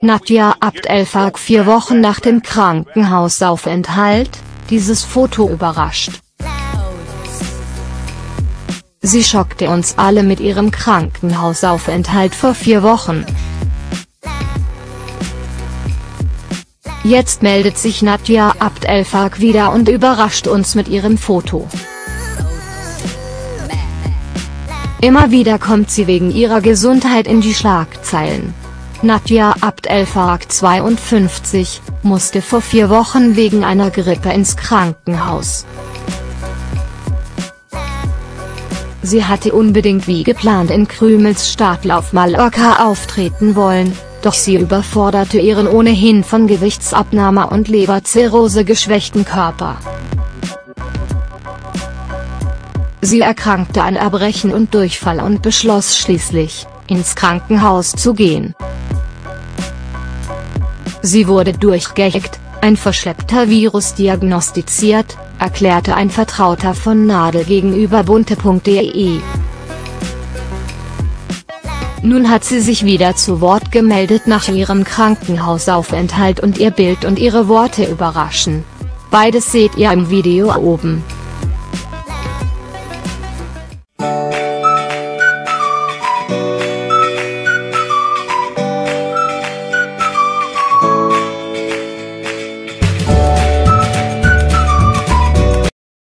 Nadja Abd el vier Wochen nach dem Krankenhausaufenthalt, dieses Foto überrascht. Sie schockte uns alle mit ihrem Krankenhausaufenthalt vor vier Wochen. Jetzt meldet sich Nadja Abd El-Fark wieder und überrascht uns mit ihrem Foto. Immer wieder kommt sie wegen ihrer Gesundheit in die Schlagzeilen. Nadja Abd El-Fark 52, musste vor vier Wochen wegen einer Grippe ins Krankenhaus. Sie hatte unbedingt wie geplant in Krümels Startlauf Mallorca auftreten wollen, doch sie überforderte ihren ohnehin von Gewichtsabnahme und Leberzirrhose geschwächten Körper. Sie erkrankte an Erbrechen und Durchfall und beschloss schließlich, ins Krankenhaus zu gehen. Sie wurde durchgehackt, ein verschleppter Virus diagnostiziert, erklärte ein Vertrauter von Nadel gegenüber bunte.de. Nun hat sie sich wieder zu Wort gemeldet nach ihrem Krankenhausaufenthalt und ihr Bild und ihre Worte überraschen. Beides seht ihr im Video oben.